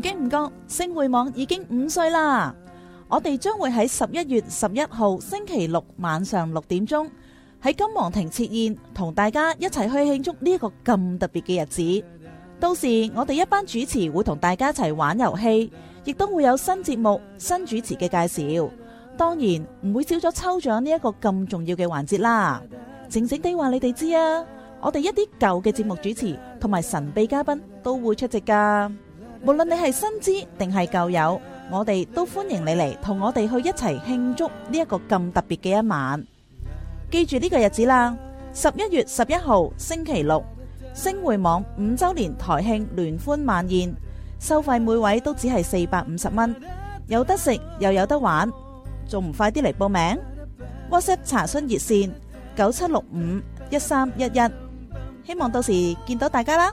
唔經唔覺星匯網已經五歲啦！我哋將會喺十一月十一號星期六晚上六點鐘喺金皇庭設宴，同大家一齊去慶祝呢一個咁特別嘅日子。到時我哋一班主持會同大家一齊玩遊戲，亦都會有新節目、新主持嘅介紹。當然唔會少咗抽獎呢一個咁重要嘅環節啦。靜靜地話你哋知啊，我哋一啲舊嘅節目主持同埋神秘嘉賓都會出席噶。無論你係新知定係舊友，我哋都歡迎你嚟同我哋去一齊慶祝呢一個咁特別嘅一晚。記住呢個日子啦，十一月十一號星期六，星匯網五周年台慶聯歡晚宴，收費每位都只係四百五十蚊，有得食又有得玩，仲唔快啲嚟報名？WhatsApp 查詢熱線九七六五一三一一，希望到時見到大家啦。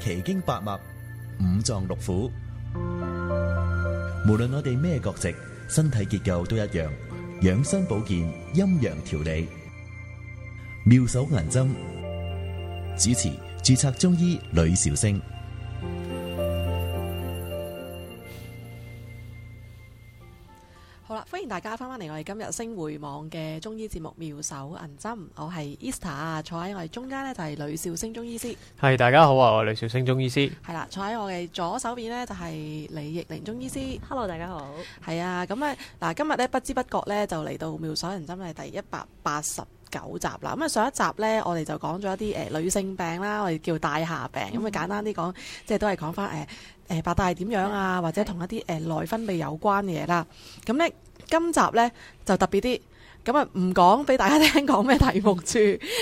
奇經八脈、五臟六腑，無論我哋咩國籍，身體結構都一樣。養生保健、陰陽調理，妙手銀針，主持註冊中醫呂兆星。大家翻翻嚟，我哋今日星匯網嘅中醫節目《妙手銀針》，我係 Easter，坐喺我哋中間呢，就係呂少星中醫師。係大家好啊，我係呂少星中醫師。係啦，坐喺我嘅左手邊呢，就係李逸玲中醫師。Hello，大家好。係啊，咁啊嗱，今日呢，不知不覺呢，就嚟到《妙手銀針》係第一百八十九集啦。咁啊上一集呢，我哋就講咗一啲誒女性病啦，我哋叫帶下病。咁啊、嗯、簡單啲講，即係都係講翻誒誒白帶係點樣啊，或者同一啲誒內分泌有關嘅嘢啦。咁、嗯、呢。今集呢就特別啲，咁啊唔講俾大家聽講咩題目住，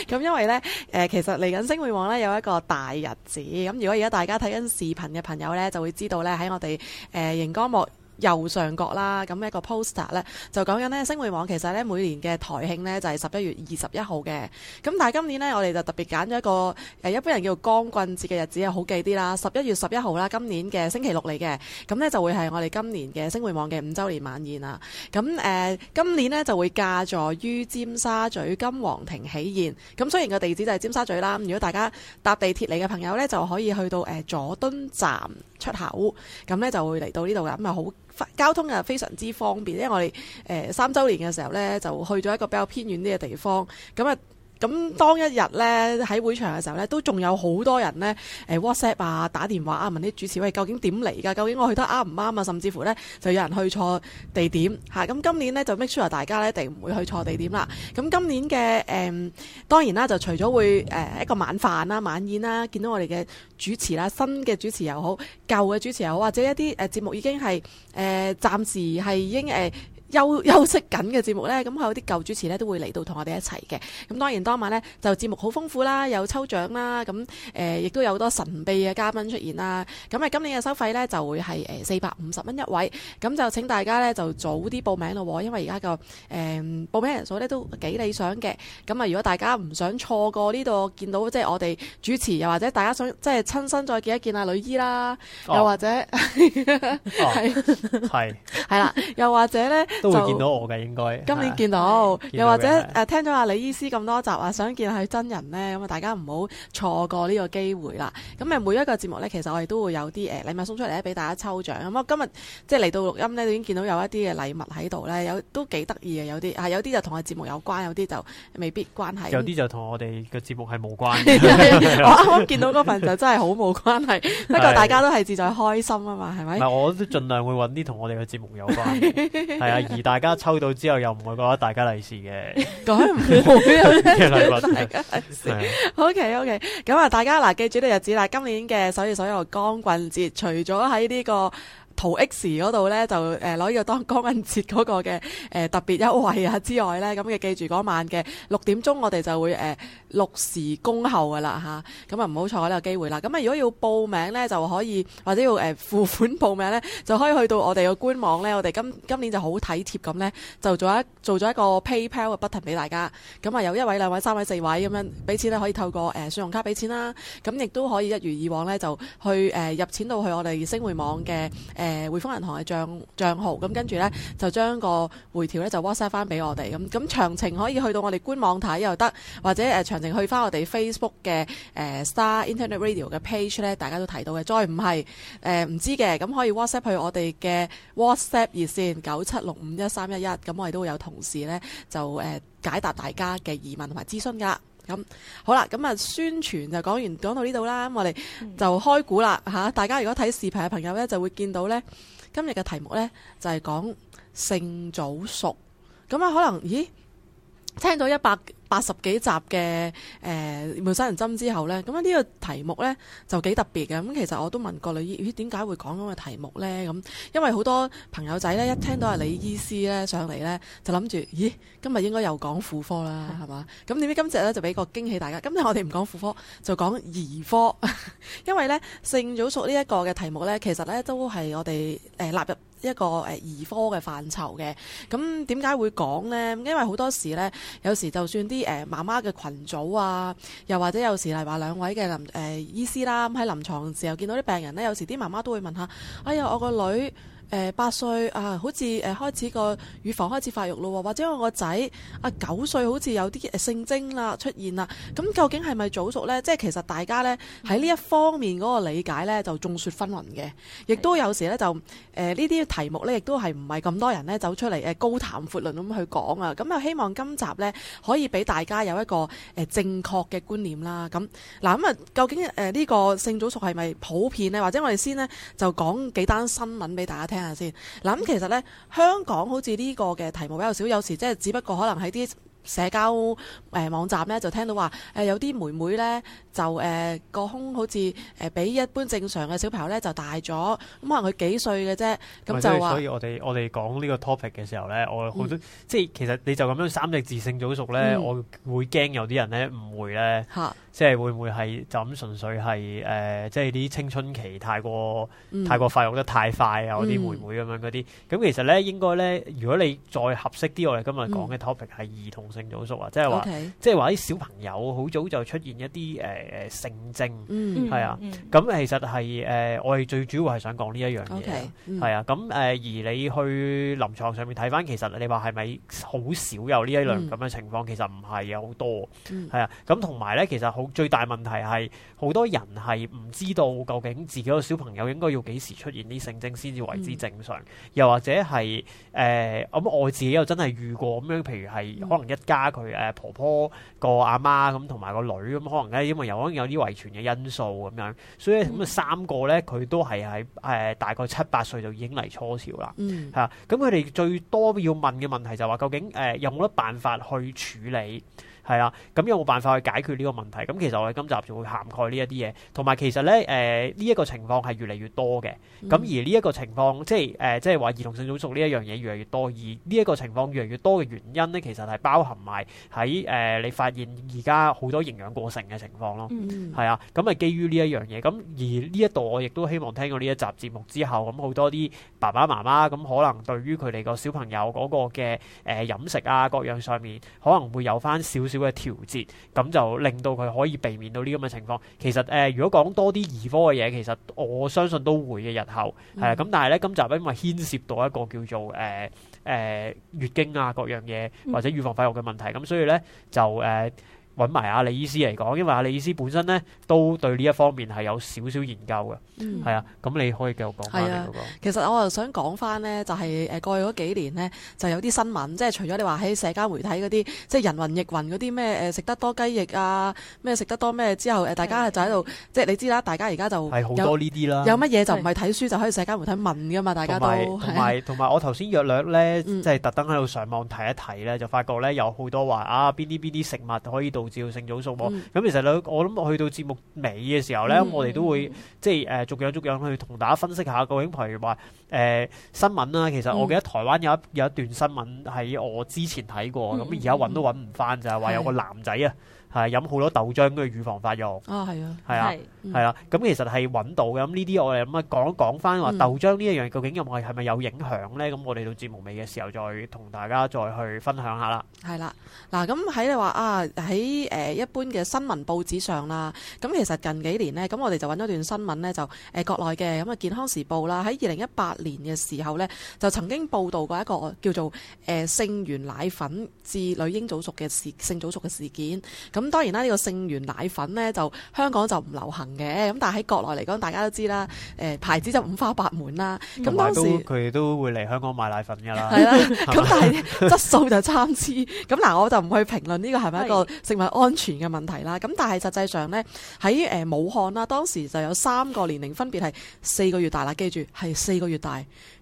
咁 因為呢，誒、呃、其實嚟緊星匯網呢有一個大日子，咁如果而家大家睇緊視頻嘅朋友呢，就會知道呢喺我哋誒熒光幕右上角啦，咁一個 poster 咧，就講緊咧星匯網其實呢，每年嘅台慶呢，就係十一月二十一號嘅，咁但係今年呢，我哋就特別揀咗一個誒一般人叫光棍節嘅日子啊，好記啲啦，十一月十一號啦，今年嘅星期六嚟嘅，咁呢，就會係我哋今年嘅星匯網嘅五周年晚宴啦，咁誒、呃、今年呢，就會假座於尖沙咀金皇庭喜宴，咁雖然個地址就係尖沙咀啦，如果大家搭地鐵嚟嘅朋友呢，就可以去到誒佐敦站出口，咁呢，就會嚟到呢度嘅，咁啊好。交通啊，非常之方便，因為我哋誒、呃、三周年嘅時候咧，就去咗一個比較偏遠啲嘅地方，咁啊。咁當一日呢，喺會場嘅時候呢，都仲有好多人呢誒、呃、WhatsApp 啊，打電話啊，問啲主持，喂，究竟點嚟㗎？究竟我去得啱唔啱啊？甚至乎呢，就有人去錯地點嚇。咁、啊、今年呢，就 make sure 大家呢一定唔會去錯地點啦。咁今年嘅誒、呃、當然啦，就除咗會誒、呃、一個晚飯啦、啊、晚宴啦、啊，見到我哋嘅主持啦、啊，新嘅主持又好，舊嘅主持又好，或者一啲誒、呃、節目已經係誒、呃、暫時係應誒。呃休休息緊嘅節目呢，咁有啲舊主持呢都會嚟到同我哋一齊嘅。咁當然當晚呢就節目好豐富啦，有抽獎啦，咁誒亦都有好多神秘嘅嘉賓出現啦。咁啊，今年嘅收費呢就會係誒四百五十蚊一位，咁就請大家呢就早啲報名咯，因為而家個誒報名人數呢都幾理想嘅。咁啊，如果大家唔想錯過呢度見到即係我哋主持，又或者大家想即係親身再見一見阿女醫啦，又或者係係啦，又或者呢。都會見到我嘅就應該，今年見到，是又或者誒是的、啊、聽咗阿李醫師咁多集啊，想見下佢真人咧，咁啊大家唔好錯過呢個機會啦。咁誒每一個節目咧，其實我哋都會有啲誒禮物送出嚟咧俾大家抽獎。咁我今日即係嚟到錄音咧，已經見到有一啲嘅禮物喺度咧，有都幾得意嘅有啲，啊有啲就同我節目有關，有啲就未必關係。有啲就同我哋嘅節目係冇關。 我啱啱見到嗰份就真係好冇關係，不過 大家都係自在開心啊嘛，係咪？唔我都盡量會揾啲同我哋嘅節目有關。係啊。 而大家抽到之後又唔會覺得大家利是嘅， 改唔好嘅禮物，大家利是。OK，OK，咁啊，大家嗱、啊，記住呢個日子啦。今年嘅所以所有光棍節，除咗喺呢個，淘 X 嗰度呢，就誒攞呢個當光棍節嗰個嘅誒、呃、特別優惠啊之外呢。咁嘅記住嗰晚嘅六點鐘，我哋就會誒六、呃、時恭候㗎喇嚇。咁啊唔好錯過呢個機會啦。咁啊如果要報名呢，就可以或者要誒、呃、付款報名呢，就可以去到我哋嘅官網呢。我哋今今年就好體貼咁呢，就做一做咗一個 PayPal 嘅 button 俾大家。咁啊有一位兩位三位四位咁樣俾錢呢，可以透過誒、呃、信用卡俾錢啦。咁亦都可以一如以往呢，就去誒、呃、入錢到去我哋星匯網嘅誒。誒匯豐銀行嘅帳帳號，咁跟住呢就將個回條呢就 WhatsApp 翻俾我哋咁，咁、嗯嗯、詳情可以去到我哋官網睇又得，或者誒、呃、詳情去翻我哋 Facebook 嘅誒、呃、Star Internet Radio 嘅 page 呢，大家都提到嘅，再唔係誒唔知嘅，咁、嗯、可以 WhatsApp 去我哋嘅 WhatsApp 熱線九七六五一三一一，咁、嗯、我哋都會有同事呢，就誒、呃、解答大家嘅疑問同埋諮詢㗎。咁好啦，咁啊宣傳就講完，講到呢度啦，我哋就開估啦，吓、啊、大家如果睇視頻嘅朋友咧，就會見到咧今日嘅題目咧就係講性早熟，咁啊可能咦聽到一百。八十幾集嘅誒、呃《妙手銀針》之後呢，咁啊呢個題目呢就幾特別嘅。咁其實我都問過女醫，咦點解會講咁嘅題目呢？咁因為好多朋友仔呢，一聽到阿李醫師呢上嚟呢，就諗住咦今日應該又講婦科啦，係嘛、嗯？咁點知今日呢就俾個驚喜大家，今日我哋唔講婦科，就講兒科， 因為呢性早熟呢一個嘅題目呢，其實呢都係我哋誒、呃、納入。一個誒兒、呃、科嘅範疇嘅，咁點解會講呢？因為好多時呢，有時就算啲誒、呃、媽媽嘅群組啊，又或者有時例如話兩位嘅臨誒醫師啦、啊，喺臨床時候見到啲病人呢，有時啲媽媽都會問下：哎呀，我個女。誒、呃、八歲啊，好似誒、呃、開始個乳房開始發育咯，或者我個仔啊，九歲好似有啲性徵啦出現啦，咁究竟係咪早熟呢？即係其實大家呢喺呢、嗯、一方面嗰個理解呢，就眾說紛紜嘅，亦都有時呢，就誒呢啲題目呢，亦都係唔係咁多人呢走出嚟誒高談闊論咁去講啊。咁、嗯、又希望今集呢，可以俾大家有一個誒正確嘅觀念啦。咁嗱咁啊，究竟誒呢、呃這個性早熟係咪普遍呢？或者我哋先呢，就講幾單新聞俾大家聽。聽下先，嗱咁其實咧，香港好似呢個嘅題目比較少，有時即係只不過可能喺啲。社交誒網站咧就聽到話誒有啲妹妹咧就誒個胸好似誒比一般正常嘅小朋友咧就大咗，咁可能佢幾歲嘅啫，咁就話。所以我哋我哋講呢個 topic 嘅時候咧，我好多即係其實你就咁樣三隻字性早熟咧，我會驚有啲人咧誤會咧，即係會唔會係就咁純粹係誒，即係啲青春期太過太過發育得太快啊嗰啲妹妹咁樣嗰啲，咁其實咧應該咧，如果你再合適啲，我哋今日講嘅 topic 係兒童。性早熟啊，即係話，Okay. 即係話啲小朋友好早就出現一啲誒誒性徵，係、嗯、啊，咁、嗯、其實係誒、呃、我哋最主要係想講呢一樣嘢，係、Okay. 嗯、啊，咁、呃、誒而你去臨床上面睇翻，其實你話係咪好少有呢一類咁嘅情況？其實唔係有好多，係啊，咁同埋咧，其實好最大問題係好多人係唔知道究竟自己個小朋友應該要幾時出現啲性徵先至為之正常，嗯、又或者係誒咁我自己又真係遇過咁樣，譬如係可能一。加佢誒婆婆個阿媽咁，同埋個女咁，可能咧因為有可能有啲遺傳嘅因素咁樣，所以咁啊三個咧佢都係喺誒大概七八歲就已經嚟初潮啦，嚇、嗯！咁佢哋最多要問嘅問題就話、係、究竟誒、呃、有冇得辦法去處理？係啊，咁有冇辦法去解決呢個問題？咁其實我哋今集就會涵蓋呢一啲嘢，同埋其實咧，誒呢一個情況係越嚟越多嘅。咁、嗯、而呢一個情況，即係誒、呃，即係話兒童性早熟呢一樣嘢越嚟越多，而呢一個情況越嚟越多嘅原因咧，其實係包含埋喺誒你發現而家好多營養過剩嘅情況咯。係、嗯嗯、啊，咁啊基於呢一樣嘢，咁而呢一度我亦都希望聽過呢一集節目之後，咁、嗯、好多啲爸爸媽媽咁可能對於佢哋個小朋友嗰個嘅誒、呃、飲食啊各樣上面可能會有返少少。嘅調節，咁就令到佢可以避免到呢咁嘅情況。其實，誒、呃，如果講多啲兒科嘅嘢，其實我相信都會嘅日後係啊。咁、呃、但係咧，今集因為牽涉到一個叫做誒誒、呃呃、月經啊各樣嘢或者預防費用嘅問題，咁、嗯、所以咧就誒。呃揾埋阿李醫師嚟講，因為阿李醫師本身咧都對呢一方面係有少少研究嘅，係、嗯、啊，咁你可以繼續講翻你嗰個、啊。其實我又想講翻咧，就係、是、誒過去嗰幾年咧，就有啲新聞，即係除咗你話喺社交媒體嗰啲，即係人雲亦雲嗰啲咩誒食得多雞翼啊，咩食得多咩之後誒，大家就喺度，的即係你知啦，大家而家就係好多呢啲啦。有乜嘢就唔係睇書，的就可以社交媒體問噶嘛，大家都同埋同埋我頭先約略咧，即係特登喺度上網睇一睇咧，就發覺咧有好多話啊邊啲邊啲食物可以到照性早熟喎，咁、嗯、其實咧，我諗我去到節目尾嘅時候咧，嗯、我哋都會即係誒，逐、呃、樣逐樣去同大家分析下。究竟譬如話誒、呃、新聞啦、啊，其實我記得台灣有一有一段新聞喺我之前睇過，咁而家揾都揾唔返就係話有個男仔啊。係飲好多豆漿嘅預防發育啊，係啊，係啊，係啊，咁其實係揾到嘅。咁呢啲我哋咁啊講一講翻話，豆漿呢一樣究竟有冇係咪有影響咧？咁我哋到節目尾嘅時候再同大家再去分享下啦。係啦，嗱，咁喺你話啊，喺誒一般嘅新聞報紙上啦，咁其實近幾年咧，咁我哋就揾咗段新聞咧，就誒國內嘅咁啊健康時報啦，喺二零一八年嘅時候咧，就曾經報道過一個叫做誒聖元奶粉致女嬰早熟嘅事，性早熟嘅事件。咁當然啦，呢、這個聖元奶粉呢，就香港就唔流行嘅，咁但係喺國內嚟講，大家都知啦，誒、欸、牌子就五花八門啦。咁、嗯、當時佢哋都會嚟香港買奶粉㗎 啦。係啦吧，咁但係質素就參差。咁嗱，我就唔去評論呢個係咪一個食物安全嘅問題啦。咁是但係實際上呢，喺誒武漢啦，當時就有三個年齡分別係四個月大啦，記住係四個月大。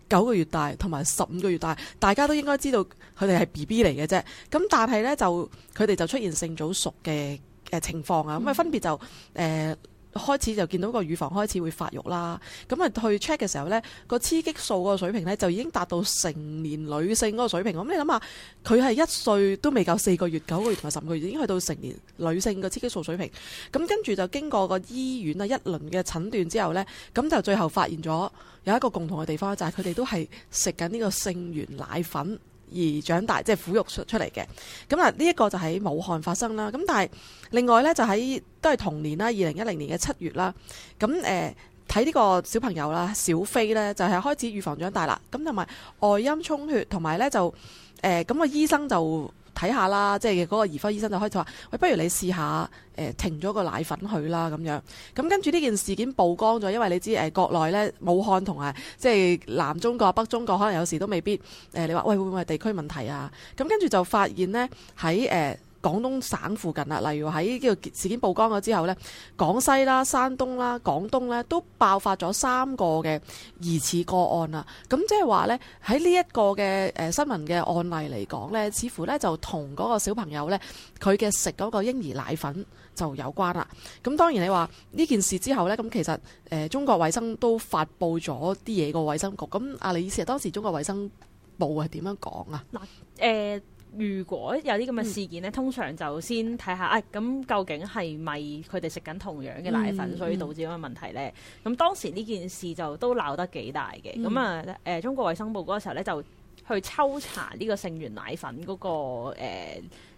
九個月大同埋十五個月大，大家都應該知道佢哋係 BB 嚟嘅啫。咁但係呢，就佢哋就出現性早熟嘅嘅情況啊。咁啊、嗯、分別就誒。呃開始就見到個乳房開始會發育啦，咁啊去 check 嘅時候呢、呢個雌激素個水平呢，就已經達到成年女性嗰個水平。咁你諗下，佢係一歲都未夠四個月、九個月同埋十個月，已經去到成年女性個雌激素水平。咁跟住就經過個醫院啊一輪嘅診斷之後呢，咁就最後發現咗有一個共同嘅地方就係佢哋都係食緊呢個聖元奶粉。而長大即係撫育出出嚟嘅，咁啊呢一個就喺武漢發生啦。咁但係另外呢，就喺都係同年啦，二零一零年嘅七月啦。咁誒睇呢個小朋友啦，小飛呢，就係、是、開始預防長大啦。咁同埋外陰充血，同埋呢就誒咁、呃那個醫生就。睇下啦，即係嗰個兒科醫生就開始話：喂，不如你試下誒、呃、停咗個奶粉佢啦咁樣。咁、嗯、跟住呢件事件曝光咗，因為你知誒、呃、國內呢，武漢同埋即係南中國、北中國，可能有時都未必誒、呃。你話喂會唔會係地區問題啊？咁、嗯、跟住就發現呢，喺誒。呃廣東省附近啦，例如喺呢個事件曝光咗之後呢，廣西啦、山東啦、廣東呢都爆發咗三個嘅疑似個案啦。咁即係話呢，喺呢一個嘅誒新聞嘅案例嚟講呢，似乎呢就同嗰個小朋友呢，佢嘅食嗰個嬰兒奶粉就有關啦。咁當然你話呢件事之後呢，咁其實誒中國衛生都發布咗啲嘢個衛生局。咁阿李女士，當時中國衛生部係點樣講啊？嗱，誒。如果有啲咁嘅事件呢，嗯、通常就先睇下啊，咁、哎、究竟係咪佢哋食緊同樣嘅奶粉，嗯、所以導致咁嘅問題呢？咁當時呢件事就都鬧得幾大嘅。咁啊、嗯，誒、呃、中國衛生部嗰時候，呢，就去抽查呢個聖元奶粉嗰、那個誒。呃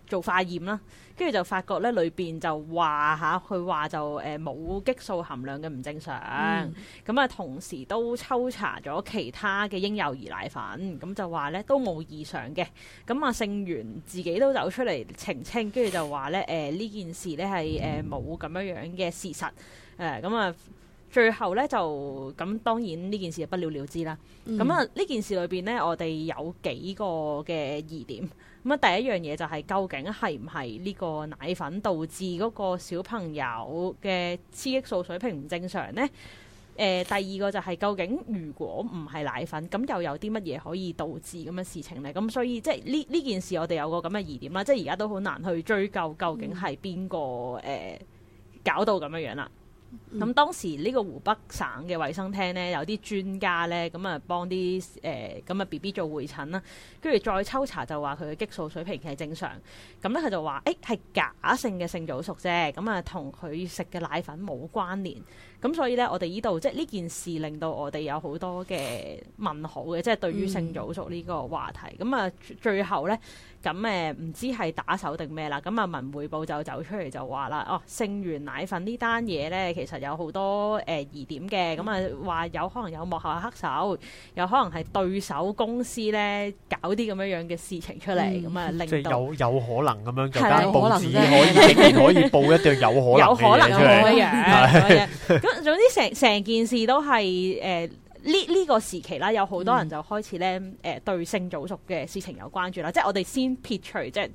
做化驗啦，跟住就發覺咧裏邊就話嚇，佢話就誒冇、呃、激素含量嘅唔正常，咁啊、嗯、同時都抽查咗其他嘅嬰幼兒奶粉，咁就話咧都冇異常嘅，咁啊聖元自己都走出嚟澄清，跟住就話咧誒呢、呃、件事咧係誒冇咁樣樣嘅事實，誒咁啊。嗯嗯最後咧就咁當然呢件事就不了了之啦。咁啊呢件事裏邊呢，我哋有幾個嘅疑點。咁啊第一樣嘢就係究竟係唔係呢個奶粉導致嗰個小朋友嘅雌激素水平唔正常呢？誒、呃、第二個就係究竟如果唔係奶粉，咁又有啲乜嘢可以導致咁嘅事情咧？咁所以即係呢呢件事我哋有個咁嘅疑點啦。即係而家都好難去追究究竟係邊個誒搞到咁嘅樣啦。咁、嗯、當時呢個湖北省嘅衛生廳呢，有啲專家呢咁啊幫啲誒咁啊 BB 做會診啦，跟住再抽查就話佢嘅激素水平係正常，咁咧佢就話誒係假性嘅性早熟啫，咁啊同佢食嘅奶粉冇關聯。咁、嗯、所以咧，我哋呢度即係呢件事令到我哋有好多嘅問號嘅，即係對於性早熟呢個話題。咁啊，最後咧，咁誒，唔知係打手定咩啦？咁啊，文匯報就走出嚟就話啦，哦，聖元奶粉呢單嘢咧，其實有好多誒疑點嘅。咁啊，話有可能有幕後黑手，有可能係對手公司咧搞啲咁樣樣嘅事情出嚟，咁啊令到有有可能咁樣有可能報紙可以竟然可以報一對有可能嘅嘢出嚟 總之，成成件事都係誒呢呢個時期啦，有好多人就開始咧，誒、呃、對性早熟嘅事情有關注啦。即係我哋先撇除，即係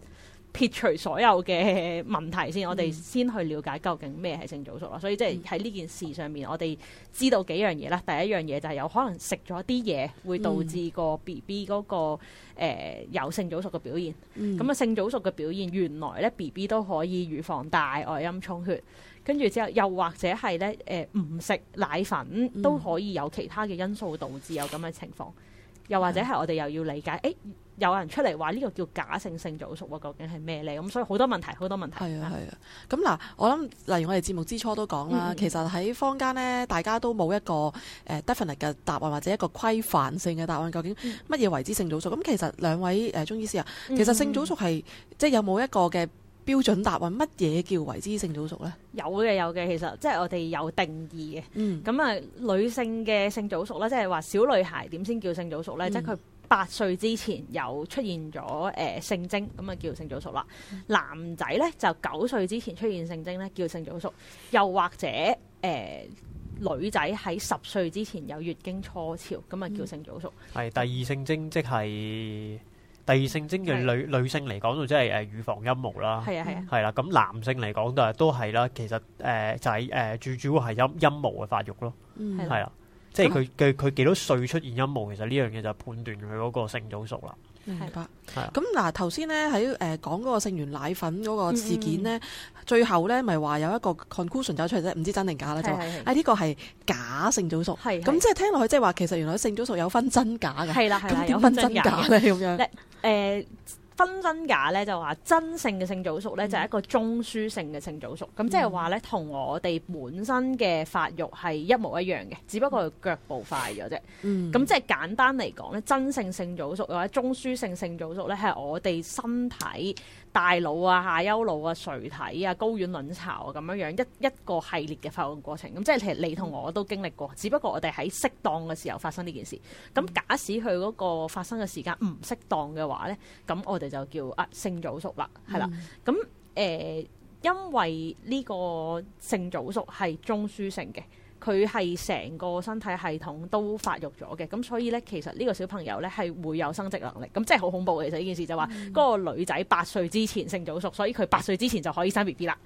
撇除所有嘅問題先，嗯、我哋先去了解究竟咩係性早熟啦。所以即係喺呢件事上面，我哋知道幾樣嘢啦。第一樣嘢就係有可能食咗啲嘢會導致個 B B 嗰個誒有、呃、性早熟嘅表現。咁啊、嗯，嗯、性早熟嘅表現原來咧 B B 都可以預防大外陰充血。跟住之後，又或者係咧，誒唔食奶粉都可以有其他嘅因素導致有咁嘅情況。又或者係我哋又要理解，誒、嗯欸、有人出嚟話呢個叫假性性早熟喎，究竟係咩嚟？咁、嗯、所以好多問題，好多問題。係啊，係啊。咁嗱、嗯，我諗例如我哋節目之初都講啦，嗯、其實喺坊間咧，大家都冇一個誒、呃、definite 嘅答案，或者一個規範性嘅答案，究竟乜嘢為之性早熟？咁其實兩位誒、呃、中醫師啊，其實性早熟係、嗯、即係有冇一個嘅？標準答案，乜嘢叫為之性早熟呢？有嘅有嘅，其實即係我哋有定義嘅。嗯，咁啊、呃，女性嘅性早熟呢？即係話小女孩點先叫性早熟呢？嗯、即係佢八歲之前有出現咗誒、呃、性徵，咁啊叫性早熟啦。男仔呢，就九歲之前出現性徵呢，叫性早熟，又或者誒、呃、女仔喺十歲之前有月經初潮，咁啊叫性早熟。係、嗯、第二性徵，即係。第二性徵嘅女的女性嚟講，就即係誒預防陰毛啦。係啊係啊，係啦。咁男性嚟講就係都係啦。其實誒、呃、就係誒最主要係陰陰毛嘅發育咯。嗯，係啊的，即係佢佢佢幾多歲出現陰毛，其實呢樣嘢就判斷佢嗰個性早熟啦。明白。咁嗱、嗯，頭先咧喺誒講嗰個聖元奶粉嗰個事件咧，嗯、最後咧咪話有一個 conclusion 走出嚟啫，唔知真定假咧？就話，啊呢個係假性早熟，咁係係即係聽落去即係話其實原來性早熟有分真假嘅。係啦，咁點分真假咧？咁樣誒。呃分真假咧就話真性嘅性早熟咧就係一個中樞性嘅性早熟，咁即係話咧同我哋本身嘅發育係一模一樣嘅，只不過係腳步快咗啫。咁即係簡單嚟講咧，真性性早熟或者中樞性性早熟咧係我哋身體。大腦啊、下丘腦啊、垂體啊、睪丸卵巢啊咁樣樣一一,一個系列嘅發育過程，咁、嗯、即係其實你同我都經歷過，只不過我哋喺適當嘅時候發生呢件事。咁、嗯、假使佢嗰個發生嘅時間唔適當嘅話呢，咁我哋就叫啊性早熟啦，係啦。咁誒、嗯呃，因為呢個性早熟係中樞性嘅。佢係成個身體系統都發育咗嘅，咁所以咧，其實呢個小朋友咧係會有生殖能力，咁真係好恐怖嘅。其實呢件事就話，嗰、嗯、個女仔八歲之前性早熟，所以佢八歲之前就可以生 B B 啦。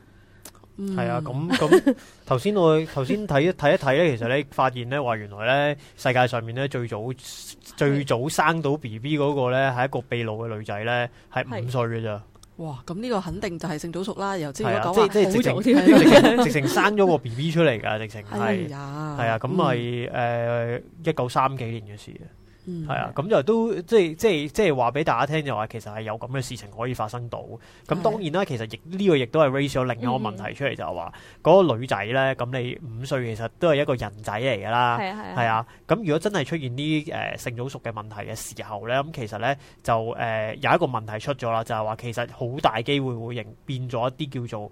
係啊、嗯，咁咁頭先我頭先睇睇一睇咧，其實你發現咧話原來咧世界上面咧最早的最早生到 B B 嗰個咧係一個秘魯嘅女仔咧，係五歲嘅咋。哇！咁呢個肯定就係性早熟啦，又即係講，即係，直情直情生咗個 BB 出嚟㗎，直情係係啊，咁係誒一九三幾年嘅事啊。係、嗯、啊，咁就都即係即係即係話俾大家聽，就話其實係有咁嘅事情可以發生到。咁當然啦、啊，的其實亦呢個亦都係 raise 咗另一個問題出嚟，就係話嗰個女仔咧，咁你五歲其實都係一個人仔嚟噶啦，係的的啊係咁如果真係出現啲誒、呃、性早熟嘅問題嘅時候咧，咁、嗯、其實咧就誒、呃、有一個問題出咗啦，就係、是、話其實好大機會會變變咗一啲叫做誒誒、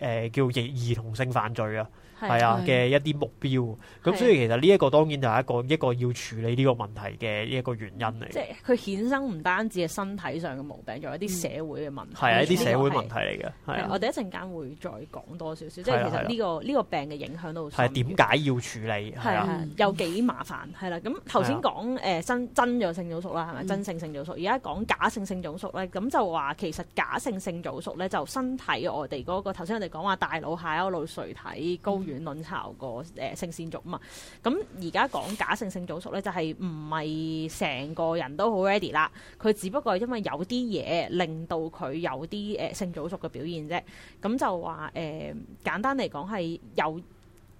呃、叫做兒兒童性犯罪啊。係啊嘅對一啲目標，咁所以其實呢一個當然就係一個、啊、一個要處理呢個問題嘅一個原因嚟。即係佢衍生唔單止係身體上嘅毛病，仲有啲社會嘅問題。係一啲社會問題嚟嘅。係我哋一陣間會再講多少少。即係其實呢、這個呢、啊、個病嘅影響都係點解要處理？係啊，又幾 麻煩係啦。咁頭先講誒真真性性早熟啦，係咪？真性性早熟，而家講假性性早熟咧，咁就話其實假性性早熟咧就身體剛剛我哋嗰個頭先我哋講話大腦下丘腦垂體高。嗯卵卵巢個誒、呃、性腺族啊嘛，咁而家講假性性早熟咧，就係唔係成個人都好 ready 啦，佢只不過係因為有啲嘢令到佢有啲誒、呃、性早熟嘅表現啫，咁、嗯、就話誒、呃、簡單嚟講係有。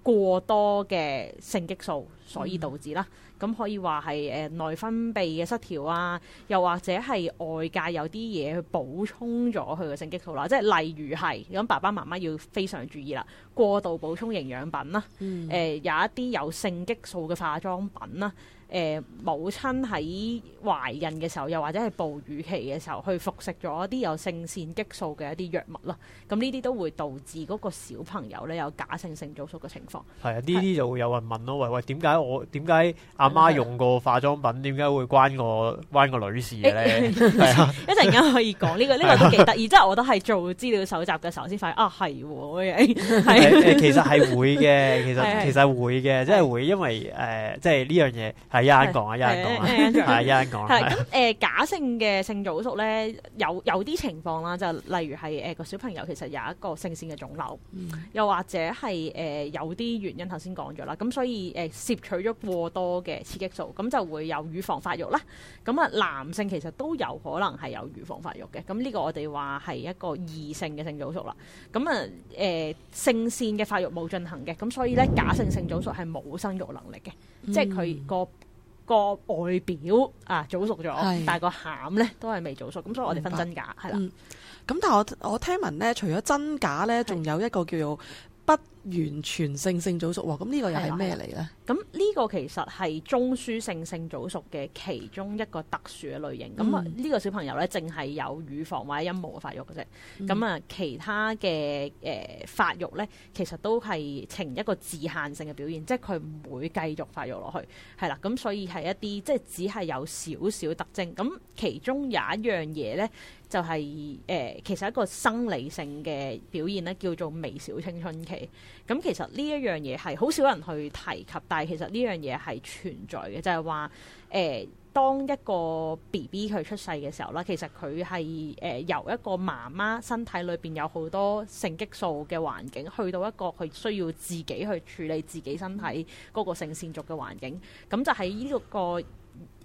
過多嘅性激素，所以導致啦。咁、嗯、可以話係誒內分泌嘅失調啊，又或者係外界有啲嘢去補充咗佢嘅性激素啦、啊。即係例如係咁，爸爸媽媽要非常注意啦。過度補充營養品啦、啊，誒有、嗯呃、一啲有性激素嘅化妝品啦、啊。誒、呃、母親喺懷孕嘅時候，又或者係哺乳期嘅時候，去服食咗一啲有性腺激素嘅一啲藥物咯。咁呢啲都會導致嗰個小朋友咧有假性性早熟嘅情況。係啊，呢啲就會有人問咯，喂喂，點解我點解阿媽用個化妝品，點解的會關我關我女士嘅咧？一陣間可以講呢、這個，呢、這個都幾得意。即係的 我都係做資料搜集嘅時候先發現，啊係喎， 其實係會嘅，其實其實會嘅，即係會，因為誒、呃、即係呢樣嘢。一人講啊，一人講一人講。係咁誒，假性嘅性早熟咧，有有啲情況啦，就例如係誒個小朋友其實有一個性腺嘅腫瘤，又或者係誒有啲原因，頭先講咗啦。咁所以誒攝取咗過多嘅刺激素，咁就會有乳房發育啦。咁啊，男性其實都有可能係有乳房發育嘅。咁呢個我哋話係一個異性嘅性早熟啦。咁啊誒，性腺嘅發育冇進行嘅，咁所以咧假性性早熟係冇生育能力嘅，即係佢個。個外表啊，早熟咗，的但係個餡咧都係未早熟，咁的所以我哋分真假係啦。咁、嗯的嗯、但係我我聽聞咧，除咗真假咧，仲有一個叫做，不完全性性早熟喎，咁呢個又係咩嚟呢？咁呢個其實係中樞性性早熟嘅其中一個特殊嘅類型。咁啊、嗯，呢個小朋友呢，淨係有乳房或者陰毛嘅發育嘅啫。咁啊、嗯，其他嘅誒發育呢，其實都係呈一個自限性嘅表現，即係佢唔會繼續發育落去。係啦，咁所以係一啲即係只係有少少特徵。咁其中有一樣嘢呢。就係、是、誒、呃，其實一個生理性嘅表現咧，叫做微小青春期。咁、嗯、其實呢一樣嘢係好少人去提及，但係其實呢樣嘢係存在嘅，就係話誒，當一個 B B 佢出世嘅時候啦，其實佢係誒由一個媽媽身體裏邊有好多性激素嘅環境，去到一個佢需要自己去處理自己身體嗰個性腺軸嘅環境。咁、嗯、就喺、是、呢、這個誒、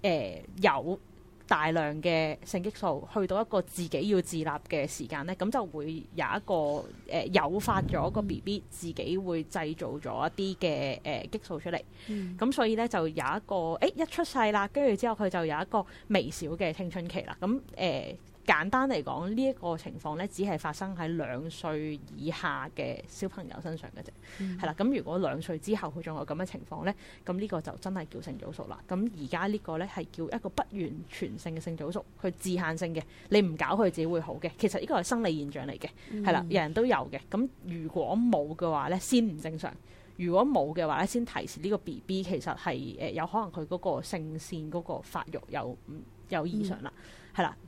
呃、有。大量嘅性激素去到一個自己要自立嘅時間呢，咁就會有一個誒、呃、誘發咗個 B B 自己會製造咗一啲嘅誒激素出嚟，咁、嗯、所以呢，就有一個誒、哎、一出世啦，跟住之後佢就有一個微小嘅青春期啦，咁誒。呃簡單嚟講，呢、這、一個情況咧，只係發生喺兩歲以下嘅小朋友身上嘅啫。係啦、嗯，咁如果兩歲之後佢仲有咁嘅情況咧，咁呢個就真係叫性早熟啦。咁而家呢個咧係叫一個不完全性嘅性早熟，佢自限性嘅，你唔搞佢自己會好嘅。其實呢個係生理現象嚟嘅，係啦、嗯，人人都有嘅。咁如果冇嘅話咧，先唔正常；如果冇嘅話咧，先提示呢個 B B 其實係誒、呃、有可能佢嗰個性腺嗰個發育有有，有異常啦，係啦、嗯。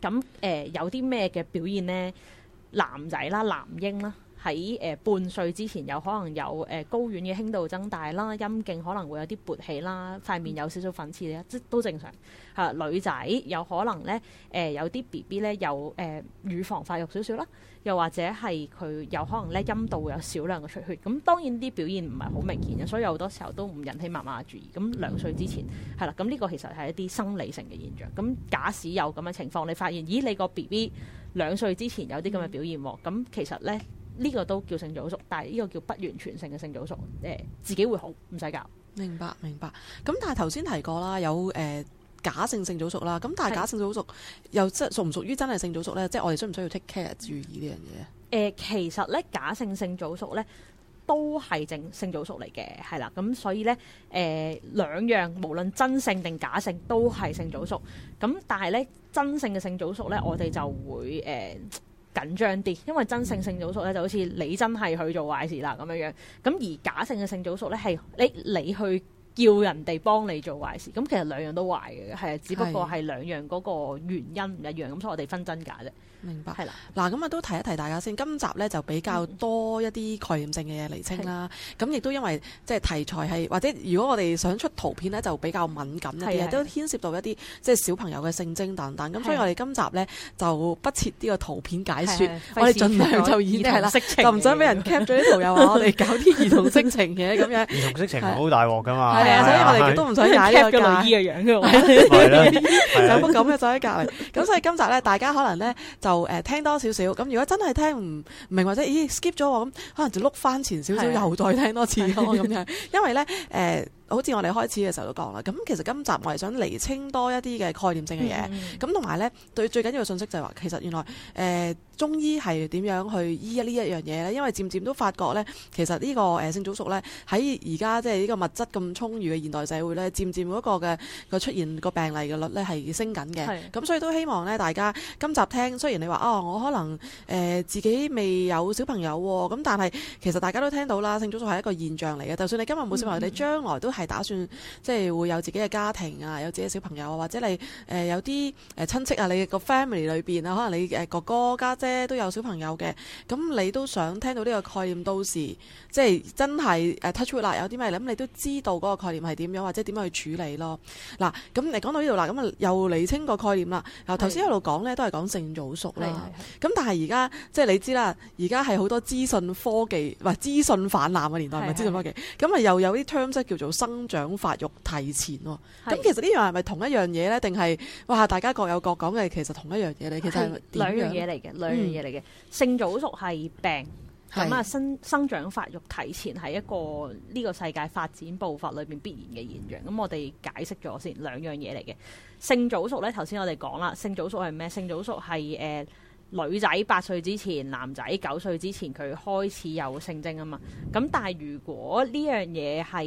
咁誒、呃、有啲咩嘅表現咧？男仔啦，男嬰啦。喺誒、呃、半歲之前，有可能有誒、呃、睾丸嘅輕度增大啦，陰莖可能會有啲勃起啦，塊面有少少粉刺咧，嗯、即都正常嚇。女仔有可能咧誒、呃、有啲 B B 咧有誒、呃、乳房發育少少啦，又或者係佢有可能咧陰道會有少量嘅出血。咁當然啲表現唔係好明顯嘅，所以好多時候都唔引起媽媽嘅注意。咁兩歲之前係啦，咁呢個其實係一啲生理性嘅現象。咁假使有咁嘅情況，你發現咦你個 B B 兩歲之前有啲咁嘅表現喎，咁、嗯、其實咧。呢個都叫性早熟，但係呢個叫不完全性嘅性早熟，誒、呃、自己會好，唔使搞。明白，明白。咁但係頭先提過啦，有誒、呃、假性性早熟啦，咁但係假性早熟又即係屬唔屬於真係性早熟咧？即係我哋需唔需要 take care 注意呢樣嘢？誒、嗯呃，其實咧假性性早熟咧都係正性早熟嚟嘅，係啦。咁所以咧誒兩樣，無論真性定假性都係性早熟。咁但係咧真性嘅性早熟咧，嗯、我哋就會誒。呃呃緊張啲，因為真性性早熟咧就好似你真係去做壞事啦咁樣樣，咁而假性嘅性早熟咧係你你去。要人哋幫你做壞事，咁其實兩樣都壞嘅，係啊，只不過係兩樣嗰個原因唔一樣，咁所以我哋分真假啫。明白，係啦，嗱，咁啊都提一提大家先。今集咧就比較多一啲概念性嘅嘢釐清啦。咁亦都因為即係題材係或者如果我哋想出圖片咧就比較敏感一啲，係啊，都牽涉到一啲即係小朋友嘅性徵等等。咁所以我哋今集咧就不設呢個圖片解説，我哋儘量就以啲色情，就唔想俾人 cap 咗啲圖又話我哋搞啲兒童色情嘅咁樣。兒童色情好大鑊噶嘛～嗯、所以我哋都唔想踩呢個價，着嘅、啊、樣嘅我，兩副咁嘅坐喺隔離，咁所以今集咧大家可能咧就誒聽多少少，咁如果真係聽唔明或者咦 skip 咗喎，咁可能就碌翻前少少，啊、又再聽多次咯咁、啊啊、樣，因為咧誒。呃好似我哋開始嘅時候都講啦，咁其實今集我係想釐清多一啲嘅概念性嘅嘢，咁同埋呢，對最緊要嘅信息就係話，其實原來誒中醫係點樣去醫呢一樣嘢呢？因為漸漸都發覺呢，其實呢個誒性早熟呢，喺而家即係呢個物質咁充裕嘅現代社會呢，漸漸嗰個嘅個出現個病例嘅率呢係升緊嘅，咁、mm hmm. 所以都希望呢，大家今集聽，雖然你話哦，我可能誒自己未有小朋友喎，咁但係其實大家都聽到啦，性早熟係一個現象嚟嘅，就算你今日冇小朋友，mm hmm. 你將來都，係打算即係會有自己嘅家庭啊，有自己嘅小朋友啊，或者你誒有啲誒親戚啊，你個 family 裏邊啊，可能你誒哥哥家姐都有小朋友嘅，咁你都想聽到呢個概念，到時即係真係誒 touch wood 啦，有啲咩咧？咁你都知道嗰個概念係點樣，或者點樣去處理咯？嗱，咁你講到呢度啦，咁又釐清個概念啦。頭先一路講咧都係講性早熟啦，咁但係而家即係你知啦，而家係好多資訊科技，唔係資訊泛濫嘅年代，咪係資訊科技，咁啊又有啲 term 即係叫做生長發育提前喎，咁是其實呢樣係咪同一樣嘢呢？定係哇，大家各有各講嘅，其實同一樣嘢呢？其實係兩樣嘢嚟嘅，兩樣嘢嚟嘅。嗯、性早熟係病，咁啊是生生長發育提前係一個呢個世界發展步伐裏面必然嘅現象。咁、嗯、我哋解釋咗先，兩樣嘢嚟嘅。性早熟呢，頭先我哋講啦，性早熟係咩？性早熟係誒。呃女仔八歲之前，男仔九歲之前，佢開始有性徵啊嘛。咁但係如果呢樣嘢係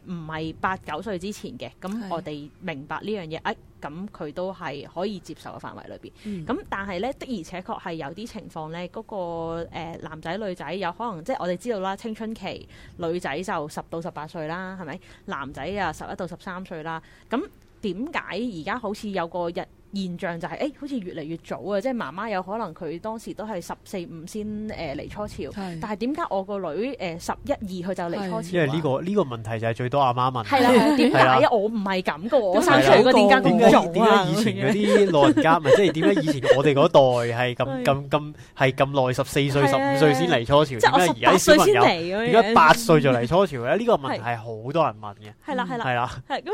誒唔係八九歲之前嘅，咁我哋明白呢樣嘢，誒咁佢都係可以接受嘅範圍裏邊。咁、嗯、但係呢，的而且確係有啲情況呢。嗰、嗰個、呃、男仔女仔有可能即係我哋知道啦，青春期女仔就十到十八歲啦，係咪？男仔啊十一到十三歲啦。咁點解而家好似有個日？現象就係，誒，好似越嚟越早啊！即係媽媽有可能佢當時都係十四五先誒嚟初潮，但係點解我個女誒十一二佢就嚟初潮？因為呢個呢個問題就係最多阿媽問，係啦係啦，點解我唔係咁嘅？我生女嘅點解？點解？點解以前嘅啲老人家咪即係點解以前我哋嗰代係咁咁咁係咁耐十四歲十五歲先嚟初潮，點解而家小朋友而家八歲就嚟初潮咧？呢個問題係好多人問嘅。係啦係啦係啦，係咁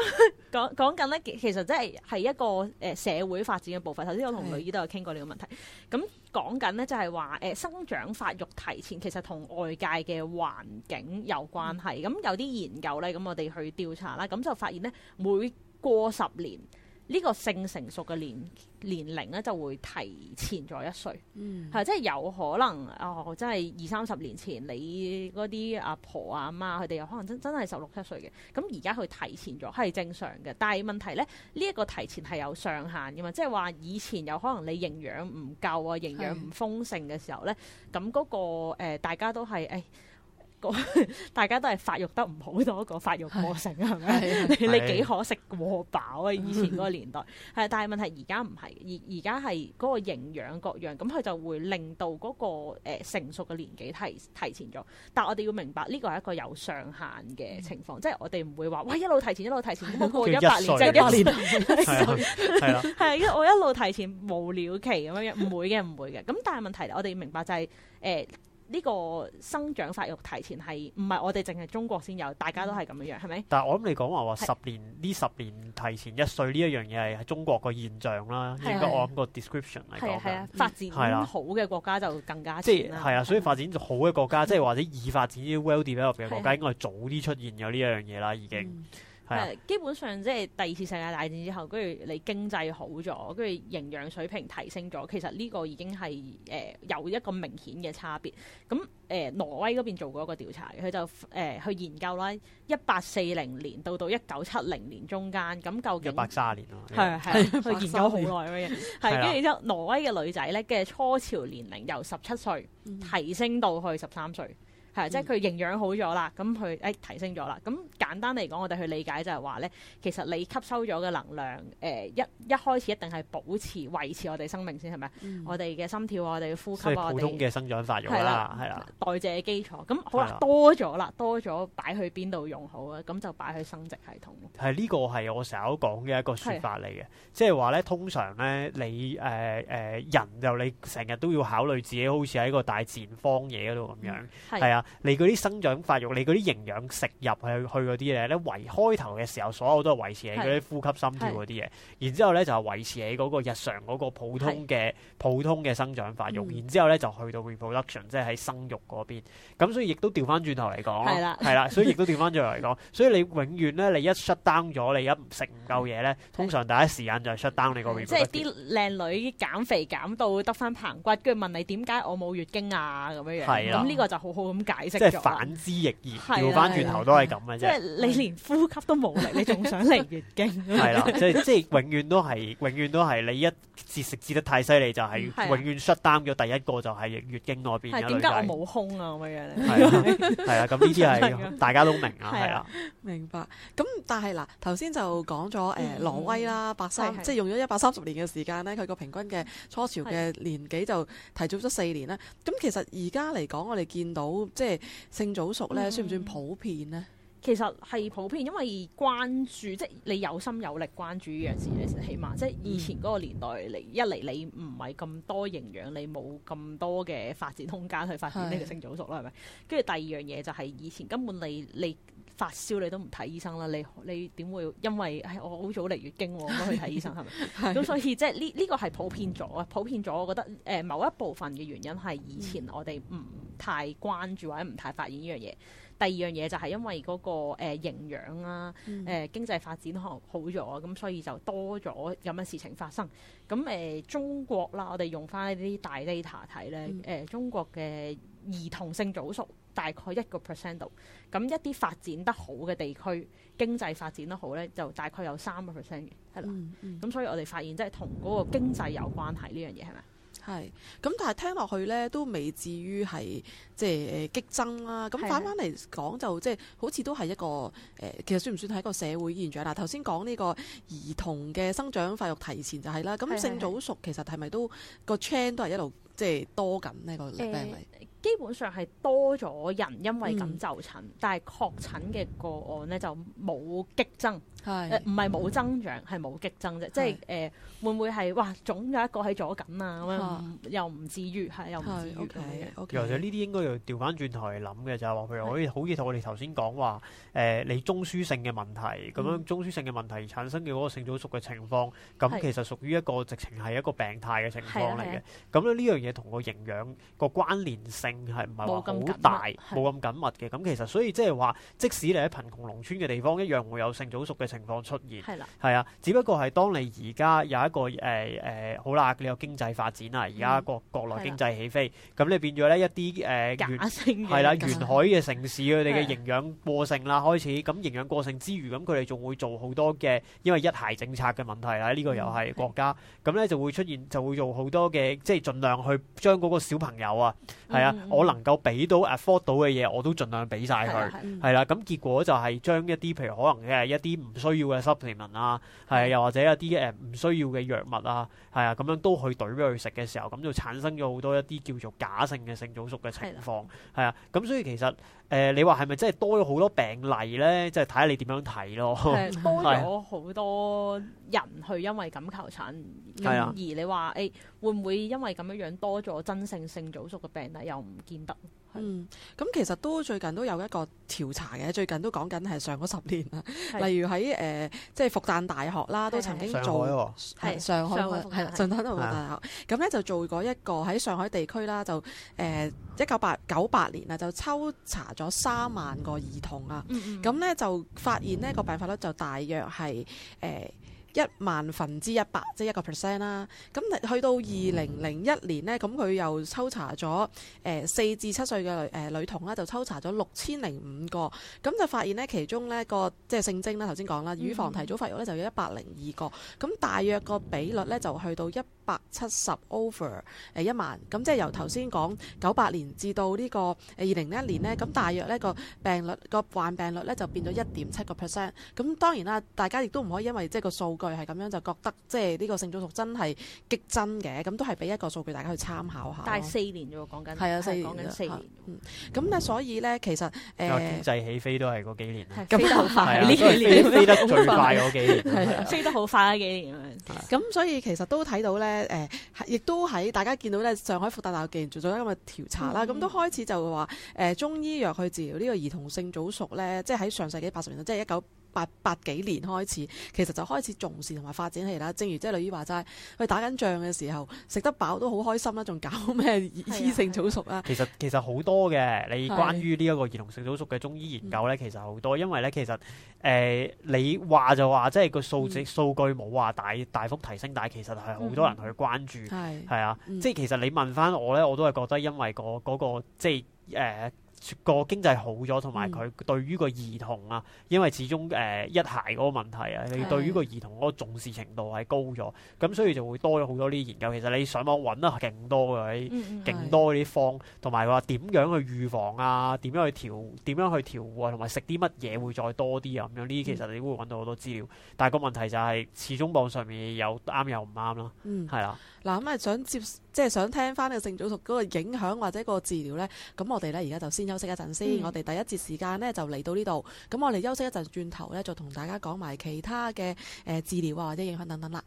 講講緊咧，其實真係係一個誒社會。會發展嘅部分，頭先我同女醫都有傾過呢個問題。咁講緊呢，就係話誒生長發育提前，其實同外界嘅環境有關係。咁、嗯、有啲研究呢，咁我哋去調查啦，咁就發現呢，每過十年，呢個性成熟嘅年年齡咧，就會提前咗一歲，係、嗯、即係有可能啊！真、哦、即係二三十年前，你嗰啲阿婆阿媽佢哋有可能真真係十六七歲嘅，咁而家佢提前咗係正常嘅。但係問題咧，呢、這、一個提前係有上限嘅嘛，即係話以前有可能你營養唔夠啊，營養唔豐盛嘅時候咧，咁嗰、嗯那個、呃、大家都係誒。哎個大家都係發育得唔好多、嗰個發育過程係咪？是吧 你你幾可食過飽啊！以前嗰個年代係， 但係問題而家唔係，而而家係嗰個營養各樣，咁佢就會令到嗰個成熟嘅年紀提提前咗。但係我哋要明白呢個係一個有上限嘅情況， 即係我哋唔會話喂，一路提前一路提前，冇過一百年即就 一百年係啦，因為，我一路提前無了期咁樣，唔會嘅唔會嘅。咁 但係問題我哋要明白就係、是、誒。呃呢個生長發育提前係唔係我哋淨係中國先有，大家都係咁樣樣，係咪、嗯？吧但係我諗你講話話十年呢是十年提前一歲呢一樣嘢係中國個現象啦，是應該我諗個 description 嚟講。係係啊，發展好嘅國家就更加即係係啊，所以發展好嘅國家即係或者已發展啲 well develop 嘅國家，應該係早啲出現咗呢一樣嘢啦，已經。嗯基本上即係第二次世界大戰之後，跟住你經濟好咗，跟住營養水平提升咗，其實呢個已經係誒、呃、有一個明顯嘅差別。咁誒、呃、挪威嗰邊做過一個調查嘅，佢就誒、呃、去研究啦，一八四零年到到一九七零年中間，咁究竟一百卅年咯，係、這個、 研究好耐嘅嘢，跟住之後挪威嘅女仔咧嘅初潮年齡由十七歲提升到去十三歲。即係佢營養好咗啦，咁佢誒提升咗啦。咁簡單嚟講，我哋去理解就係話咧，其實你吸收咗嘅能量，誒、呃、一一開始一定係保持維持我哋生命先係咪？我哋嘅心跳啊，我哋嘅呼吸，普通嘅生長發育啦，係啊，代謝嘅基礎。咁好啦的，多咗啦，多咗擺去邊度用好啊？咁就擺去生殖系統。係呢個係我成日講嘅一個説法嚟嘅，即係話咧，通常咧你誒誒、呃呃、人，人就你成日都要考慮自己好似喺個大自然荒野嗰度咁樣，係啊、嗯。你嗰啲生長發育，你嗰啲營養食入去去嗰啲咧，咧維開頭嘅時候，所有都係維持你嗰啲呼吸心跳嗰啲嘢，然之後咧就係維持你嗰個日常嗰個普通嘅普通嘅生長發育，然之後咧就去到 reproduction，即係喺生育嗰邊。咁所以亦都調翻轉頭嚟講咯，係啦，係啦，所以亦都調翻轉頭嚟講，所以你永遠咧，你一 shutdown 咗，你一唔食唔夠嘢咧，通常第一時間就 shutdown 你個 r 即係啲靚女減肥減到得翻棚骨，跟住問你點解我冇月經啊咁樣樣，咁呢個就好好咁即係反之亦然，調翻轉頭都係咁嘅啫。即係你連呼吸都冇力，你仲想嚟月經？係啦，即係即係永遠都係，永遠都係你一節食節得太犀利，就係永遠 shut down 咗。第一個就係月經外邊嘅女仔，點解冇胸啊咁嘅樣咧？係啊，咁呢啲係大家都明啊，係啦，明白。咁但係嗱，頭先就講咗誒，挪威啦，百三，即係用咗一百三十年嘅時間咧，佢個平均嘅初潮嘅年紀就提早咗四年啦。咁其實而家嚟講，我哋見到。即係性早熟咧，算唔算普遍咧、嗯？其實係普遍，因為關注即係你有心有力關注呢樣事你先起碼。即係以前嗰個年代嚟，嗯、你一嚟你唔係咁多營養，你冇咁多嘅發展空間去發展呢個性早熟啦，係咪是的？跟住第二樣嘢就係以前根本你你。發燒你都唔睇醫生啦，你你點會因為誒我好早嚟月經，我、啊、去睇醫生係咪？咁所以即係呢呢個係、這個、普遍咗，嗯、普遍咗，我覺得誒某一部分嘅原因係以前我哋唔太關注或者唔太發現呢樣嘢。第二樣嘢就係因為嗰、那個誒營養啦，誒、呃啊呃、經濟發展可能好咗，咁、嗯、所以就多咗有乜事情發生。咁誒、呃、中國啦，我哋用翻呢啲大 data 睇咧，誒、呃、中國嘅兒童性早熟。嗯大概一個 percent 度，咁一啲發展得好嘅地區，經濟發展得好咧，就大概有三個 percent 嘅，係咯。咁、嗯嗯、所以我哋發現即係同嗰個經濟有關係呢樣嘢係咪？係。咁但係聽落去咧都未至於係即係誒激增啦、啊。咁反翻嚟講的就即係好似都係一個誒、呃，其實算唔算係一個社會現象？嗱，頭先講呢個兒童嘅生長發育，育提前就係、是、啦。咁性早熟其實係咪都個 channel 都係一路即係多緊呢、那個病例？基本上係多咗人因為咁就診，但係確診嘅個案咧就冇激增，係誒唔係冇增長，係冇激增啫。即係誒會唔會係哇總有一個喺左近啊咁樣，又唔至於係又唔至於咁嘅。其實呢啲應該要調翻轉頭嚟諗嘅就係話，譬如好似好似我哋頭先講話，誒你中樞性嘅問題，咁樣中樞性嘅問題產生嘅嗰個性早熟嘅情況，咁其實屬於一個直情係一個病態嘅情況嚟嘅。咁樣呢樣嘢同個營養個關聯性。係唔係話咁大，冇咁緊密嘅，咁其實所以即係話，即使你喺貧窮農村嘅地方，一樣會有性早熟嘅情況出現。係啦，係啊，只不過係當你而家有一個誒誒，好啦，你有經濟發展啦，而家國國內經濟起飛，咁你變咗咧一啲誒，係啦，沿海嘅城市，佢哋嘅營養過剩啦，開始咁營養過剩之餘，咁佢哋仲會做好多嘅，因為一孩政策嘅問題啦，呢個又係國家，咁咧就會出現，就會做好多嘅，即係盡量去將嗰個小朋友啊，係啊。 我能夠俾到 afford 到嘅嘢，我都盡量俾晒佢，係啦、啊。咁、啊啊、結果就係將一啲譬如可能嘅一啲唔需要嘅 supplement 啊，係、啊、又或者一啲誒唔需要嘅藥物啊，係啊，咁樣都去懟俾佢食嘅時候，咁就產生咗好多一啲叫做假性嘅性早熟嘅情況，係啊。咁、啊、所以其實誒、呃，你話係咪真係多咗好多病例咧？即係睇下你點樣睇咯。啊、 多咗好多人去因為咁求診、啊嗯，而你話誒、欸，會唔會因為咁樣樣多咗真性性早熟嘅病例又？唔見得。嗯，咁其實都最近都有一個調查嘅，最近都講緊係上嗰十年啦。是例如喺誒，即、呃、係、就係、復旦大學啦，都曾經做係上海係上海復旦大學咁咧，啊、就做過一個喺上海地區啦，就誒一九八九八年啦，就抽查咗三萬個兒童啊。咁咧、嗯嗯、就發現呢個病發率就大約係誒。呃一萬分之一百，即係一個 percent 啦。咁去到二零零一年呢，咁佢、嗯、又抽查咗誒四至七歲嘅女、呃、女童啦、啊，就抽查咗六千零五個，咁就發現呢，其中呢個即係、就是、性徵啦，頭先講啦，乳房提早發育呢，就有一百零二個，咁大約個比率呢，就去到一百七十 over 誒一萬，咁即係由頭先講九八年至到呢個誒二零零一年呢。咁大約呢個病率個患病率呢，就變咗一點七個 percent。咁當然啦，大家亦都唔可以因為即係個數據係咁樣就覺得即係呢、呢個性早熟真係激增嘅，咁都係俾一個數據大家去參考下。嗯、但係四年啫喎，講緊係啊，講緊四年。咁呢、啊嗯嗯嗯啊，所以呢，其實誒經濟起飛都係嗰幾年啦、啊，飛得好快，呢幾年飛得最快嗰幾年，飛得好快嗰幾年。咁所，所以其實都睇到呢。 誒、呃，亦都喺大家見到咧，上海復旦大學既然做咗一個調查啦，咁、嗯、都開始就話誒、呃，中醫藥去治療呢個兒童性早熟咧，即係喺上世紀八十年代，即係一九。八八幾年開始，其實就開始重視同埋發展起啦。正如即係女姨話齋，佢打緊仗嘅時候，食得飽都好開心啦，仲搞咩兒、啊、性早熟啊其？其實其實好多嘅，你關於呢一個兒童性早熟嘅中醫研究咧，其實好多。因為咧，其實誒、呃、你話就話，即係個數字、嗯、數據冇話大大、大幅提升，但係其實係好多人去關注，係、嗯、是啊，即係、嗯、其實你問翻我咧，我都係覺得，因為、那個嗰個即係誒。呃呃個經濟好咗，同埋佢對於個兒童啊，因為始終誒、呃、一孩嗰個問題啊，你對於個兒童嗰個重視程度係高咗，咁的、嗯、所以就會多咗好多呢啲研究。其實你上網揾啦，勁多嘅，勁多嗰啲方，同埋話點樣去預防啊，點樣去調，點樣去調和，同埋食啲乜嘢會再多啲啊咁樣。呢啲其實你都會揾到好多資料，但係個問題就係始終網上面有啱又唔啱啦，係啦。嗱咁啊，想接即係想聽翻個性早熟嗰個影響或者個治療咧，咁我哋咧而家就先。休息一陣先，嗯、我哋第一節時間呢就嚟到呢度。咁我哋休息一陣，轉頭呢就同大家講埋其他嘅誒、呃、治療啊，或者影響等等啦。